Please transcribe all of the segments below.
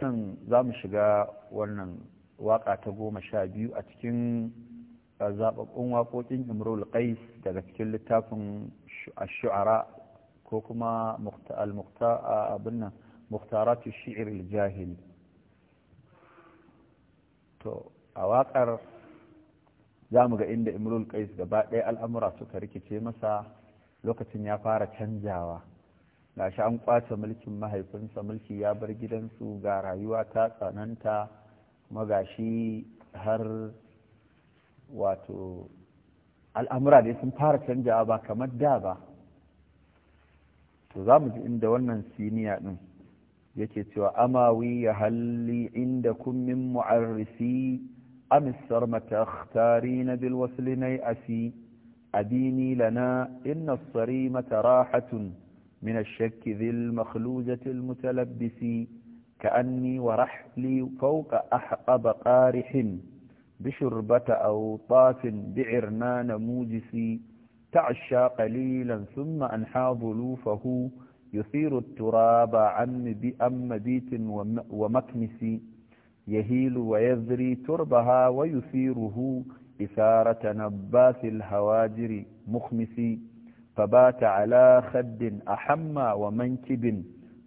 kan za mu shiga wannan waka ta goma sha biyu a cikin zaɓaɓɓun waƙoƙin imrul qais daga cikin littafin shuara ko kuma abin shi'ir jahili to a waƙar za mu ga inda imrul qais gaba ɗaya al'amura suka rikice masa lokacin ya fara canjawa gashi an kwace mulkin mahaifinsa mulki ya bar gidansu ga rayuwa ta tsananta kuma shi har wato al'amura dai sun fara canjawa ba kamar da ba to za mu ji inda wannan siniya ɗin yake cewa amawi ya halli inda kummin mu'arrisi amisar mataktari na bilwasu linai asi adini lana inna mata rahatun من الشك ذي المخلوزة المتلبس كأني ورحلي فوق أحقب قارح بشربة أو طاف بعرنان موجس تعشى قليلا ثم أنحى ظلوفه يثير التراب عن بأم مبيت ومكنس يهيل ويذري تربها ويثيره إثارة نباث الهواجر مخمسي فبات على خد أحمى ومنكب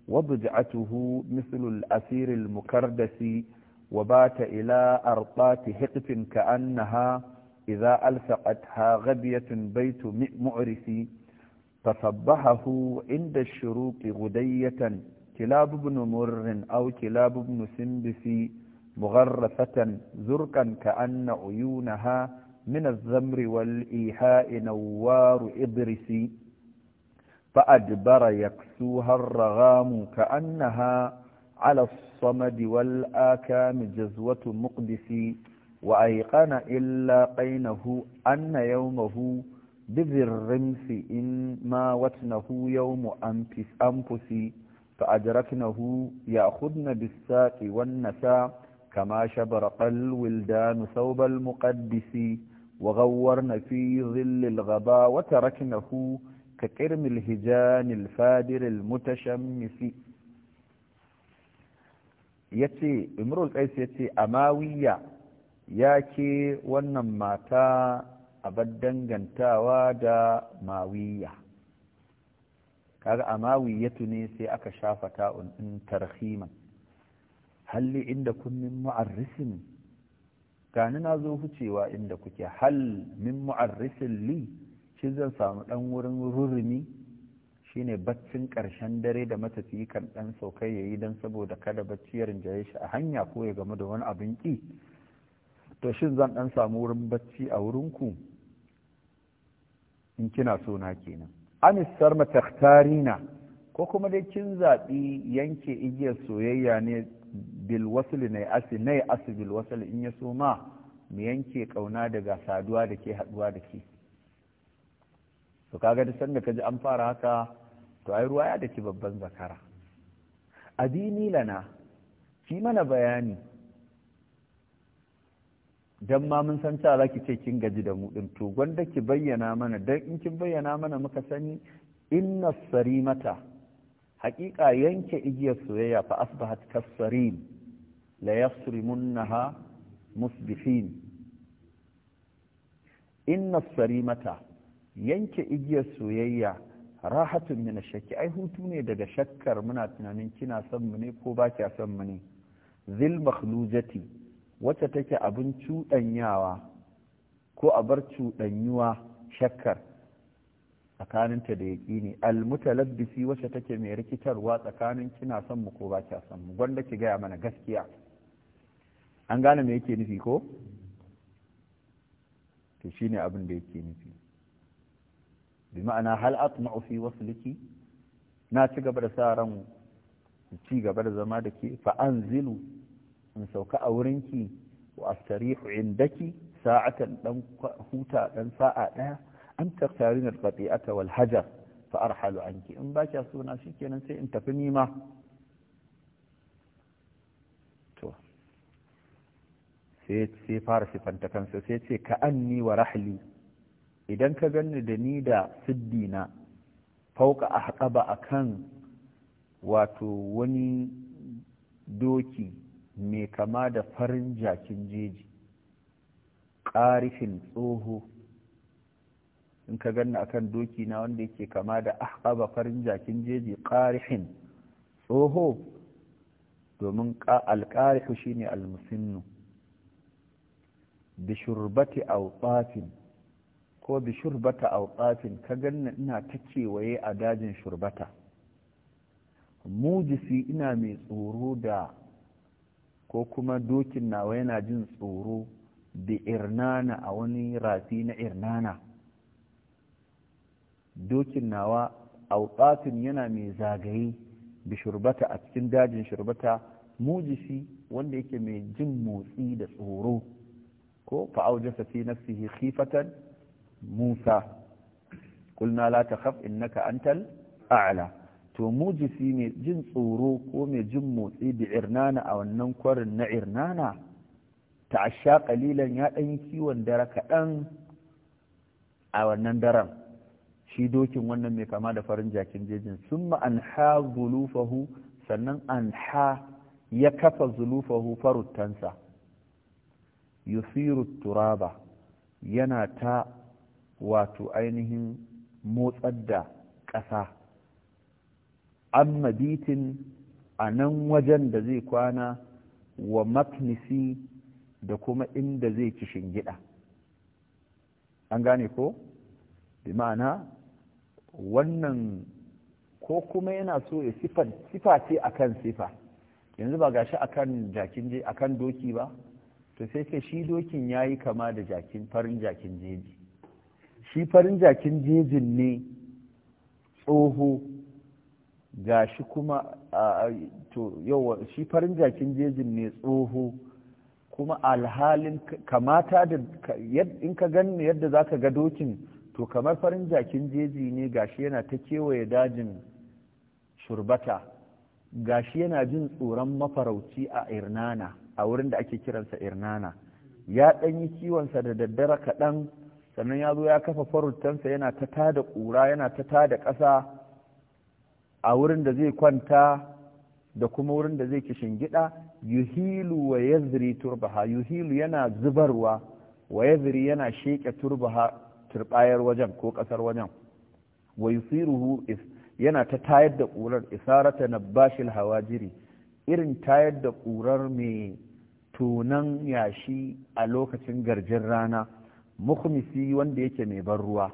وضجعته مثل الأثير المكردس وبات إلى أرطات هقف كأنها إذا ألفقتها غبية بيت معرس فصبحه عند الشروق غدية كلاب بن مر أو كلاب بن سندس مغرفة زرقا كأن عيونها من الذمر والإيحاء نوار إضرسي فأدبر يكسوها الرغام كأنها على الصمد والآكام جزوة مقدسي وأيقن إلا قينه أن يومه بذي الرمس إن ما وتنه يوم أنفس أنفسي فأدركنه يأخذن بالساق والنساء كما شبرق الولدان ثوب المقدس وغورن في ظل الغباء وتركنه كقرم الهجان الفادر المتشمس yace imrul qais yace amawiya yake wannan mata abad dangantawa da mawiya kaga amawiyatu ne sai aka shafa ta'un in tarhiman halli inda kunnin min mu'arrisin gani na zo hucewa inda kuke hal min mu'arrisin li shi zan samu dan wurin rurumi shine baccin karshen dare da matafiyi kan dan saukai yayi dan saboda kada bacci ya rinjaye shi a hanya ko ya game da wani abin ki to shi zan dan samu wurin bacci a wurin ku. in kina so na kenan anis sarma takhtarina ko kuma dai kin zaɓi yanke igiyar soyayya ne bil na nay asi nay asli bil wasl in ya so ma mu yanke kauna daga saduwa da ke haduwa da ke to kaga da sanda kaji an fara haka to ai ruwa ya daki babban zakara adini lana ki mana bayani dan ma mun san cewa zaki ce kin gaji da mu din to gwanda ki bayyana mana dan in kin bayyana mana muka sani inna sarimata haƙiƙa yanke igiyar soyayya fa asbahat kassarin la yasrimunha musbihin inna sarimata yanke igiyar soyayya rahatun min shaki. ai hutu ne daga shakkar muna tunanin kina son mu ne ko ba kya son mu ne zil makhlujati wacce take abin cuɗanyawa ko a bar cuɗanyuwa shakkar tsakaninta da yaƙini almutalabbisi wacce take mai rikitarwa tsakanin kina son mu ko ba kya son mu gwanda ki gaya mana gaskiya an gane me yake nufi ko to shine abin da yake nufi bi ma'ana hal atma'u fi wasliki na ci gaba da sa ran ci gaba da zama da ke fa anzilu in sauka a wurin ki wa astarihu indaki sa'atan dan huta dan sa'a daya an taktarin alqati'ata wal hajar fa arhalu in ba kya suna shi kenan sai in tafi nima to sai fara siffanta kansa sai ce ka ni wa rahli idan ka ganni da ni da siddina fauka a ba a kan wato wani doki mai kama da farin jakin jeji ƙarifin tsoho in ka ganna akan doki na wanda yake kama da ahqaba farin jakin jeji qarihin tsoho domin alqarihu shine almusinnu bi shurbati awqatin ko bi shurbata awqatin ka ganna ina ta kewaye a dajin shurbata mujisi ina mai tsoro da ko kuma dokin nawa yana jin tsoro da irnana a wani rafi na irnana dokin nawa auqatin yana mai zagaye bi shurbata a cikin dajin shurbata mujisi wanda yake mai jin motsi da tsoro ko fa'aujasa fi nafsihi khifatan musa kulna la takhaf innaka antal a'la to mujisi mai jin tsoro ko mai jin motsi bi irnana a wannan kwarin na irnana asha qalilan ya dan kiwon dara kaɗan a wannan daren shi dokin wannan mai kama da farin jakin jejin sun an ha zulufahu sannan an ha ya kafa zulufahu faruttansa yusiru turaba yana ta wato ainihin motsar da ƙasa an mabitin a nan wajen da zai kwana wa maknisi da kuma inda zai ci shingida an gane ko bi ma'ana wannan ko kuma yana so ya sifa ce kan sifa yanzu ba gashi akan jakin je kan doki ba to sai ce shi dokin ya yi kama da jakin farin jakin jeji shi farin jakin jejin ne tsoho gashi kuma to yau shi farin jakin jejin ne tsoho kuma alhalin kamata da in ka gani yadda za ka ga dokin to kamar farin jakin jeji ne gashi yana ta kewaye dajin shurbata gashi yana jin tsoron mafarauci a irnana a wurin da ake kiransa irnana ya ɗan yi kiwonsa da daddare kaɗan sannan ya zo ya kafa farutansa yana ta tada ƙura yana ta tada ƙasa a wurin da zai kwanta da kuma wurin da zai gida yuhilu wa yazri turbaha yuhilu yana zubarwa wa yazri yana sheƙe turbaha turbayar wajen ko kasar wajen wa yusiruhu yana ta tayar da ƙurar isarata na bashil hawajiri irin tayar da ƙurar mai tunan yashi a lokacin garjin rana mukhmisi wanda yake mai ban ruwa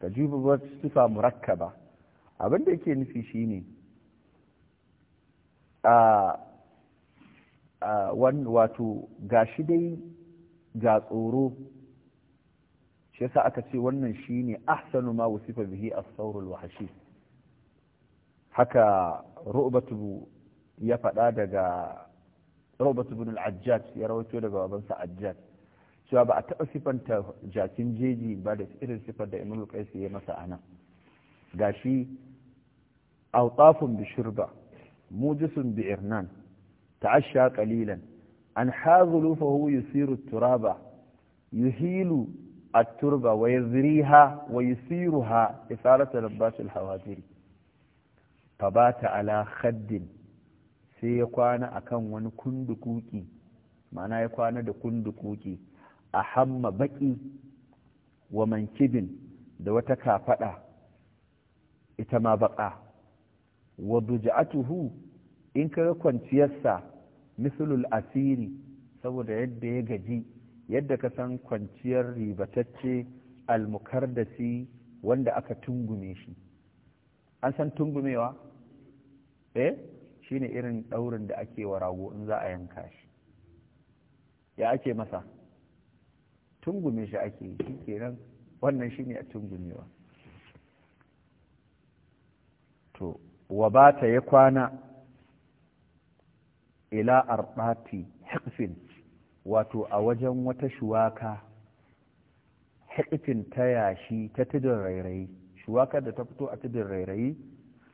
ta jububar sifa murakkaba abin da yake nufi shine a wato gashi dai ga tsoro shi yasa aka ce wannan shine ahsanu ma wasifa bihi as-sawr al-wahshi haka ru'batu ya fada daga ru'batu ibn al-ajjaj ya rawaito daga babansa ajjaj cewa ba a taɓa sifanta jakin jeji ba da irin sifar da imam al ya masa anan gashi awtafun bi shurba mujisun bi irnan ta'ashsha qalilan an hazulu fa huwa yusiru turaba yuhilu التربة ويزريها ويسيرها إثارة لباس الحوادر فبات على خد سيقوان ونكون ونكندكوكي معنى يقوان دكون دكندكوكي أحم بكي ومنكب دوتكا فأه إتما بقى وضجعته إنك يكون تيسا مثل الأسير سوى يد يجدي yadda ka san kwanciyar ribatacce almukardasi wanda aka tungume shi an san tungumewa eh shine irin daurin da ake wa rago in za a yanka shi ya ake masa tungume shi ake yi kenan wannan shine a tungumewa to wabata ya kwana ila arbati hikfin wato a wajen wata shuwaka haƙifin ta yashi ta tudun rairayi Shuwaka da ta fito a tudun rairayi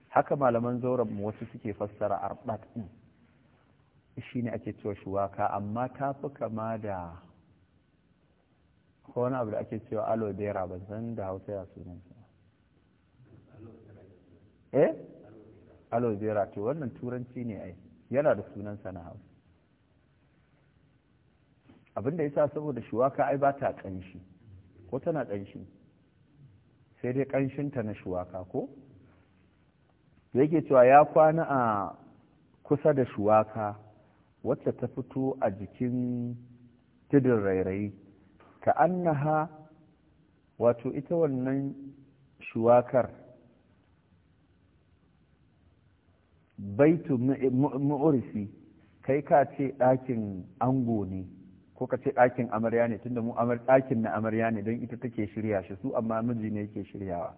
haka malaman zauren wasu suke fassara arbat din shi ne ake cewa shuwaka amma ta fi kama da wani abu da ake cewa aloe vera ban san da hausa ya sunan eh aloe vera to wannan turanci ne ai yana da sunan sana hausa Abin abinda yasa saboda shuwaka ai ba ta ƙanshi ko tana ƙanshi sai dai ta na shuwaka ko yake cewa ya kwana a kusa da shuwaka wacce ta fito a jikin tudun rairayi ka annaha wato ita wannan shuwakar baitu mu'urisi kai ka ce ɗakin ango ne ko ka ce ɗakin amarya ne tunda mu amar ɗakin na amarya ne don ita take shirya shi su amma miji ne yake shiryawa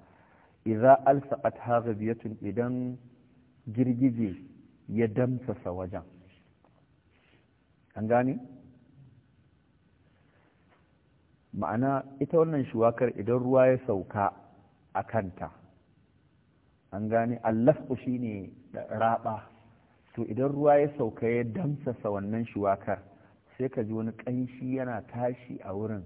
idza alsaqat haghabiyatun idan girgije ya damsasa wajen an gane ma'ana ita wannan shuwakar idan ruwa ya sauka a kanta an gane allafu shine raba to idan ruwa ya sauka ya damsasa wannan shuwakar sai ka ji wani ƙanshi yana tashi a wurin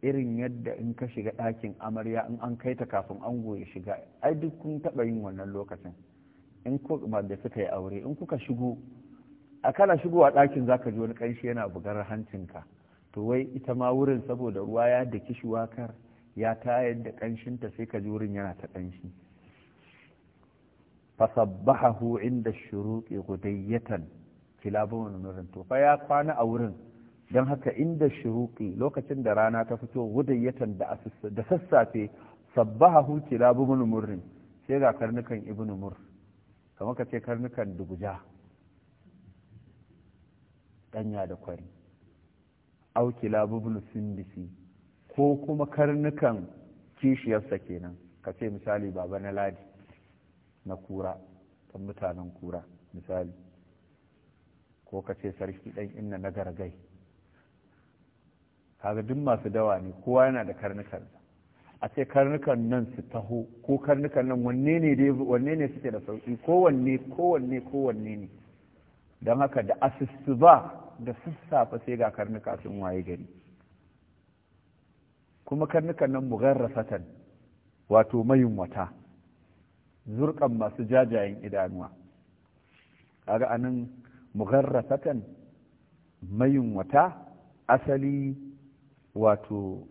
irin yadda in ka shiga ɗakin amarya in an kai ta kafin ango ya shiga ai duk kun taɓa yin wannan lokacin in ku da suka yi aure in kuka shigo a kana shigowa ɗakin za ka ji wani ƙanshi yana bugar hancinka to wai ita ma wurin saboda ruwa ya daki shuwakar ya tayar da ta sai ka ji wurin yana ta ƙanshi fasabbahu inda shuruqi gudayyatan wani nurin to fa ya kwana a wurin don haka inda shuruqi lokacin da rana ta fito wudayyatan da da sassafe sabbaha kilabun murrin sai ga karnukan ibnu mur kamar ka ce karnukan duguja danya da kwari au kilabun sindisi ko kuma karnukan kishiyarsa kenan ka ce misali baba na ladi na kura kan mutanen kura misali ko ka ce sarki ɗan inna na gargai kaga duk masu dawa ne kowa yana da karnukan a ce karnukan nan su taho ko karnukan nan wanne ne wanne ne suke da sauki wanne, ko wanne ne don haka da asusu ba da sassafe sai ga karnuka sun waye gari kuma karnukan nan mugharrafatan wato mayin wata zurkan masu jajayen idanuwa kaga anan mugharrafatan mayunwata asali wato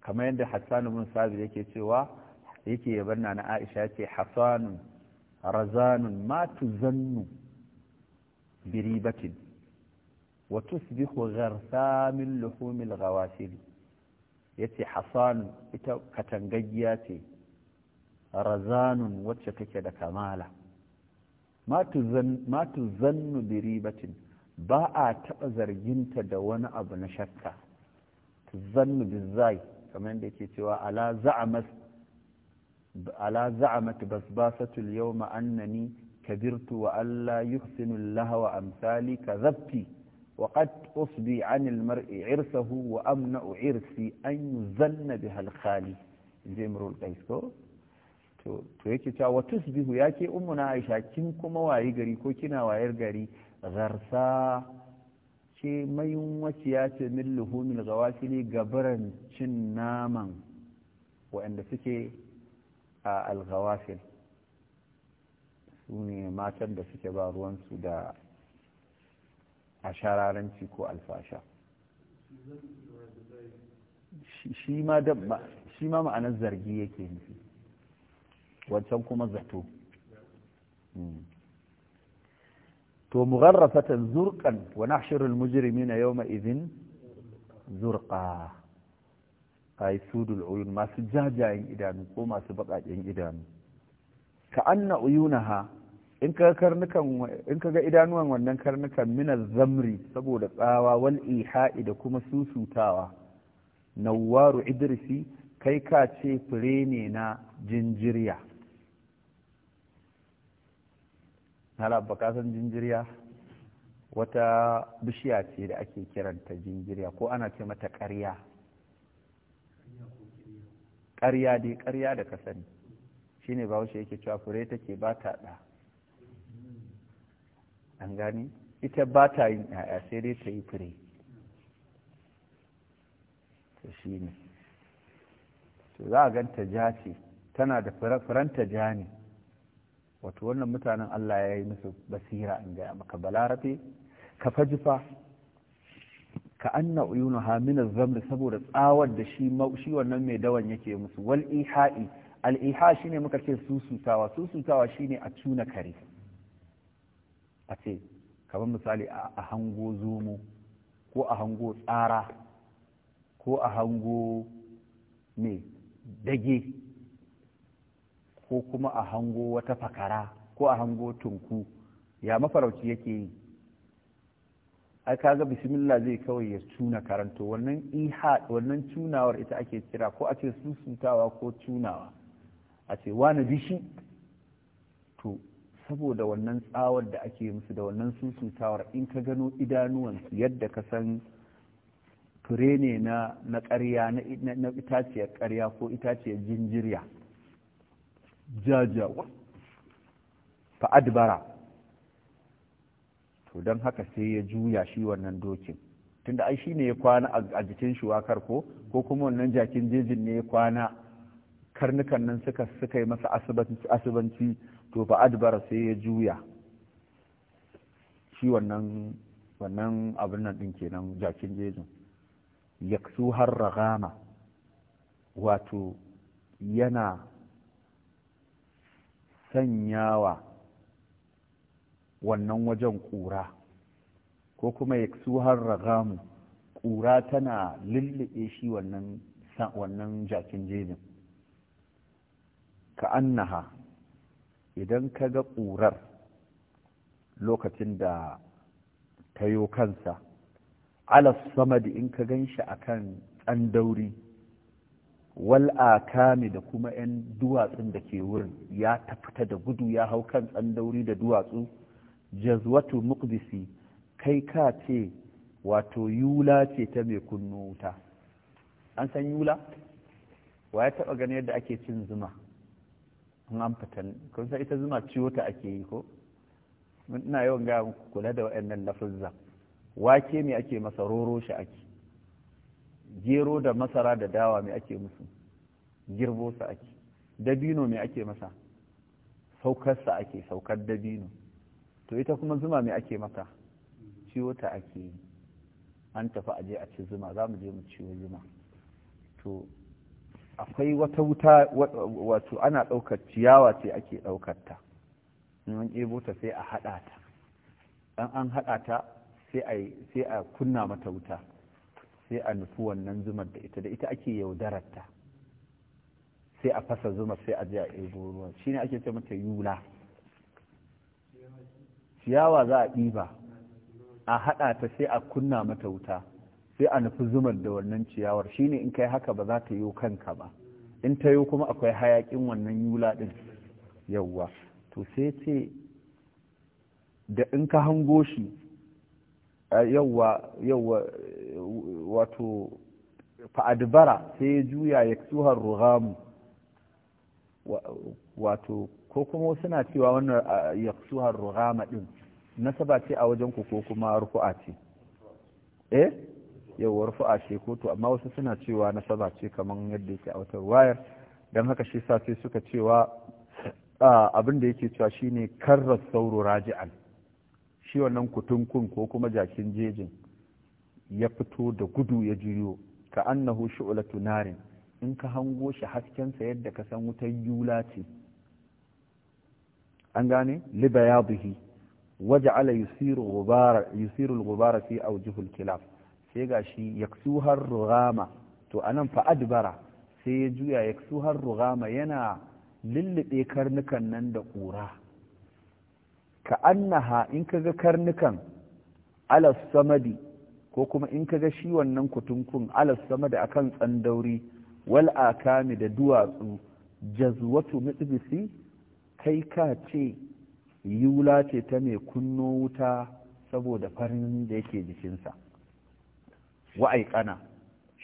kamar yadda hassan ibn sabir yake cewa yake yabanna na aisha yake hasanun razanun ma tuzannu biribatin wa tusbihu gharsamin luhumil ya yace Hassanun ita katangaggiya ce razanun wacce kake da kamala ma zannu bi ribatin ba a taɓa zarginta da wani abu na shakka tuzannu bi zai kamar yadda yake cewa ala za'amat ala za'amat basbasatul yawma annani kabirtu wa alla yuhsinu lahawa amsali kadhabti wa qad usbi 'an al 'irsahu wa amna'u 'irsi an yuzanna biha al zimrul qais to yake cewa wa tusbihu ya ke na aisha kin kuma wayi gari ko kina wayar gari zarsa ce mayunwaciya ce min luhumin gawasili gabaran cin naman waanda suke a algawafil su ne matan da suke ba ruwan su da ashararanci ko alfasha shi ma ma'anar zargi yake nufi wancan kuma zato hmm. to mugharrafatan zurqan wa nahshuru al-mujrimina yawma idhin zurqa ay sudul uyun masu jajayen idanu ko masu bakaken idanu ka anna uyunaha in ka karnukan in ka ga idanuwan wannan karnukan min zamri saboda tsawa wal iha'i da kuma susutawa nawwaru idrisi kai ka ce fure ne na jinjiriya tana kasan jinjiriya wata bishiya ce da ake kiranta jinjiriya ko ana ce mata ƙarya ƙarya dai ƙarya da ka sani shi ne bahaushe yake cewa fure take ba ta ɗa an gani ita ba ta yin ‘ya'ya sai dai ta yi fure ta shi ne za a ganta ja ce tana da furanta ja ne wato wannan mutanen Allah ya yi musu basira in gaya maka balarabe ka fajifa ka anna uyunuha min saboda tsawar da shi shi wannan mai dawan yake musu wal iha'i al iha shine muka ce susutawa susutawa shine a tuna kare a ce kamar misali a hango zomo ko a hango tsara ko a hango ne dage ko kuma a hango wata fakara ko a hango tunku ya mafarauci yake yi ai kaga bismillah zai kawai ya tuna karanto wannan iha wannan tunawar ita ake kira ko a ce susutawa ko tunawa a ce wani bishi to saboda wannan tsawar da ake musu da wannan susutawar in ka gano idanuwansu yadda ka san fure ne na ƙarya na itaciyar ƙarya ko itaciyar jinjirya jajawa fa adbara to don haka sai ya juya shi wannan dokin tunda ai ne ya kwana a jikin shuwakar ko ko kuma wannan jakin jejin ne ya kwana karnukan nan suka suka yi masa asibanci to fa adbara sai ya juya shi wannan wannan abin nan din kenan jakin jejin yaksu har ragama wato yana sanyawa wannan wajen ƙura ko kuma ya su har ragamu ƙura tana lullube shi wannan jakin jejin ka annaha idan ka ga ƙurar lokacin da ta kansa alas samadi in ka gan shi a kan ɗan dauri wal akami da kuma 'yan duwatsun da ke wurin ya tafita da gudu ya hau kan tsandauri da duwatsu jazwatu muqdisi kai ka ce wato yula ce ta mai kunnu wuta an san yula wa ya taɓa ganin yadda ake cin zuma an an fitan kun ita zuma ciwo ta ake yi ko ina yawan ga kula da waɗannan lafuzza wake ne ake masa roro shi ake gero da masara da dawa mai ake musu girbo su ake dabino mai ake masa saukar sa ake saukar dabino to ita kuma zuma mai ake mata ciwo ta ake yi an tafi aje a ci zuma za mu je mu ciwo zuma to akwai wata wuta wato ana ɗaukar ciyawa ce ake ɗaukar ta in an ɗebo ta sai a haɗa ta an haɗa ta sai a kunna mata wuta sai a nufi wannan zumar da ita da ita ake yaudararta sai a fasa zumar sai a je a ruwa shi ne ake ce mata yula ciyawa za a ɗiba a haɗa ta sai a kunna mata wuta sai a nufi zumar da wannan ciyawar shine in kai haka ba za ta yi kanka ba in ta yi kuma akwai hayaƙin wannan yula ɗin yawwa to sai ce da in ka hango shi yawwa yawwa wato fa'adbara sai ya juya ya tsuhar ruhamu wato ko kuma suna cewa wannan ya tsuhar ruhama ɗin nasaba ce a wajen ku ko kuma rufu'a ce eh yawwa rufu'a ce ko to amma wasu suna cewa nasaba ce kamar yadda yake a wata wayar don haka shi sa sai suka cewa abin da yake cewa shine karras sauro raji'an shi wannan kutunkun ko kuma jakin jejin ya fito da gudu ya juyo ka annahu shu'latu narin in ka hango shi haskensa yadda ka san wutar yula ce an gane libayadihi waja'ala yusiru ghubara yusiru al fi awjuhil kilab sai gashi yaksuhar rugama to anan fa adbara sai ya juya yaksuhar rugama yana lullube karnukan nan da ƙura ka annaha in kaga karnukan ala samadi ko kuma in ka ga shi wannan kutunkun alas sama da akan tsandauri wal akami da duwatsu jazwatu mitbisi kai ka ce yula ce ta mai kunno wuta saboda farin da yake jikinsa wa'aikana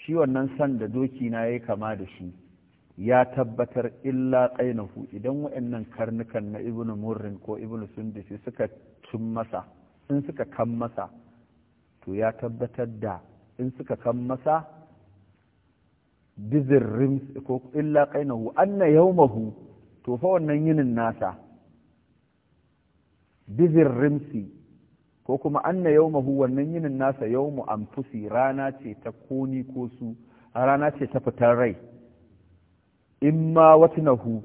shi wannan san da doki na ya kama da shi ya tabbatar illa tsainahu idan wa'annan karnukan na ibnu murrin ko ibnu sundisi suka tun masa in suka kan masa to ya tabbatar da in suka kan masa bizirrim ko illa kainahu anna yawmahu to fa wannan yinin nasa rimsi ko kuma anna yawmahu wannan yinin nasa yawmu anfusi rana ce ta koni ko su rana ce ta fitar rai imma watnahu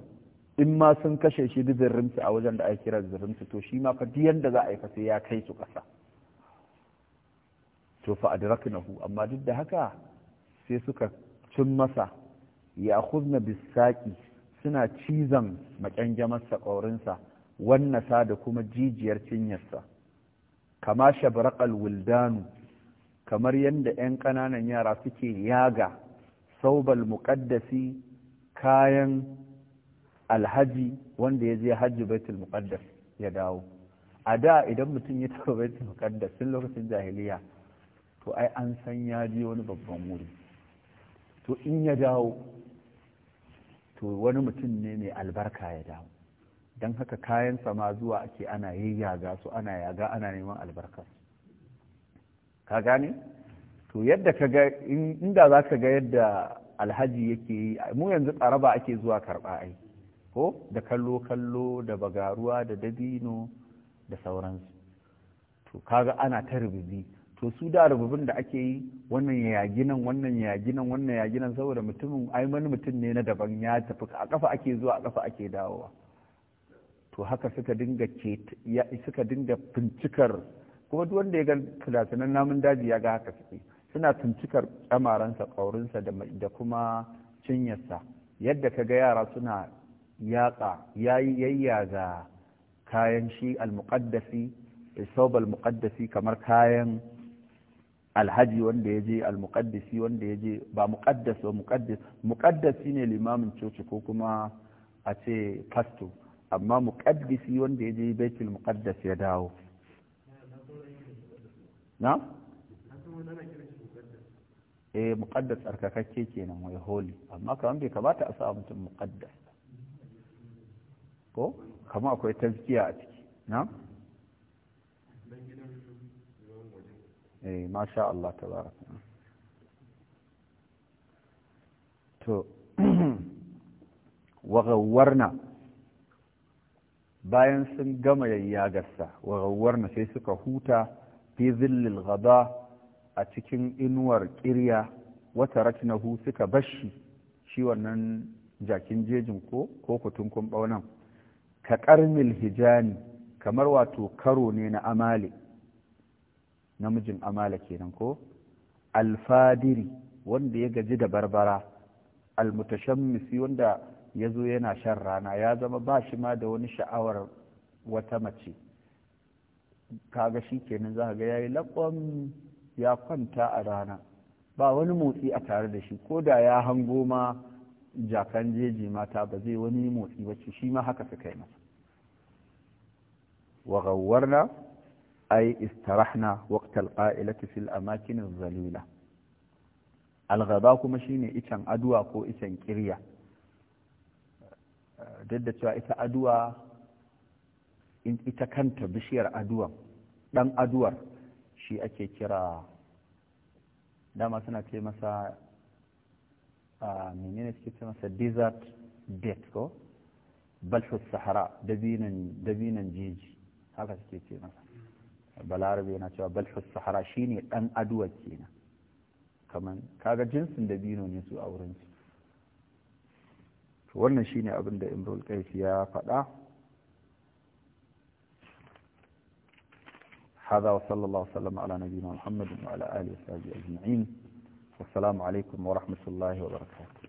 imma sun kashe shi rimsi a wajen da ake kira rimsi to shi ma fa yanda za a yi fa sai ya kai su kasa to fa adraknahu amma duk da haka sai suka cin masa ya khuzna bisaki suna cizan makyanjamarsa ƙaurinsa sa da kuma jijiyar cinyarsa kama shabraqal wuldanu kamar yadda 'yan ƙananan yara suke yaga saubal muƙaddasi kayan alhaji wanda ya je hajji baitul muqaddas ya dawo a da idan mutum ya taɓa baitul muqaddas tun lokacin jahiliya to ai an san ya je wani babban wuri to in ya dawo to wani mutum ne mai albarka ya dawo don haka kayan sama zuwa ake ana yaga, su ana yaga ana neman albarka. ka gane to yadda ka ga inda za ka ga yadda alhaji yake yi mu yanzu tsaraba ake zuwa karɓa ai ko da kallo kallo da bagaruwa da dabino da sauransu to kaga ana ta rububi to su da rububin da ake yi wannan ya yagi nan wannan ya yagi nan wannan ya yagi nan saboda mutumin ai wani mutum ne na daban ya tafi a kafa ake zuwa a kafa ake dawowa to haka suka dinga ke suka dinga fincikar kuma duk wanda ya ga filasinan namun daji ya ga haka suke suna fincikar tsamaransa kaurinsa da kuma cinyarsa yadda ka ga yara suna yaƙa yayyaza kayan shi al-muqaddasi al-muqaddasi kamar kayan alhaji wanda ya je almuqaddisi wanda ya je ba muƙaddas ba muqaddis muqaddas shine limamin coci ko kuma a ce pasto amma muqaddisi wanda ya je baitul muƙaddas ya dawo na eh muqaddas tsarkakakke kenan wai holy amma kamar bai kamata a sa mutum muƙaddas ko kamar akwai tazkiya a ciki na eh masha Allah tabaraka to wagawarna bayan sun gama yayyagarsa na sai suka huta fi zillil gaba a cikin inuwar kirya wata raknahu suka bashi shi wannan jakin jejin ko ko kutunkun ɓaunan ka karmil hijani kamar wato karo ne na amali namijin amala kenan ko alfadiri wanda ya gaji da barbara almutashammisi wanda ya zo yana shan rana ya zama ba shi ma da wani sha'awar wata mace kaga shi kenan za ga ya yi laƙon ya kwanta a rana ba wani motsi a tare da shi ko da ya hango ma jakan jeji mata ba zai wani motsi ba shi ma haka suka yi masa wa gawwarna ai istarahna waqtal qa'ilati fil amakin zalila alghaba kuma shine icen aduwa ko icen kirya Dada da cewa ita aduwa ita kanta bishiyar aduwa dan aduwar shi ake kira dama suna ce masa a menene suke ce masa desert date ko balfus sahara dabinan jeji haka suke ce masa balarabe yana cewa balhus sahara shine dan aduwa kenan kaman kaga jinsin dabino ne su a wurin su to wannan shine abin da imrul qais ya faɗa هذا وصلى الله وسلم على نبينا محمد وعلى آله وصحبه أجمعين والسلام عليكم ورحمة الله وبركاته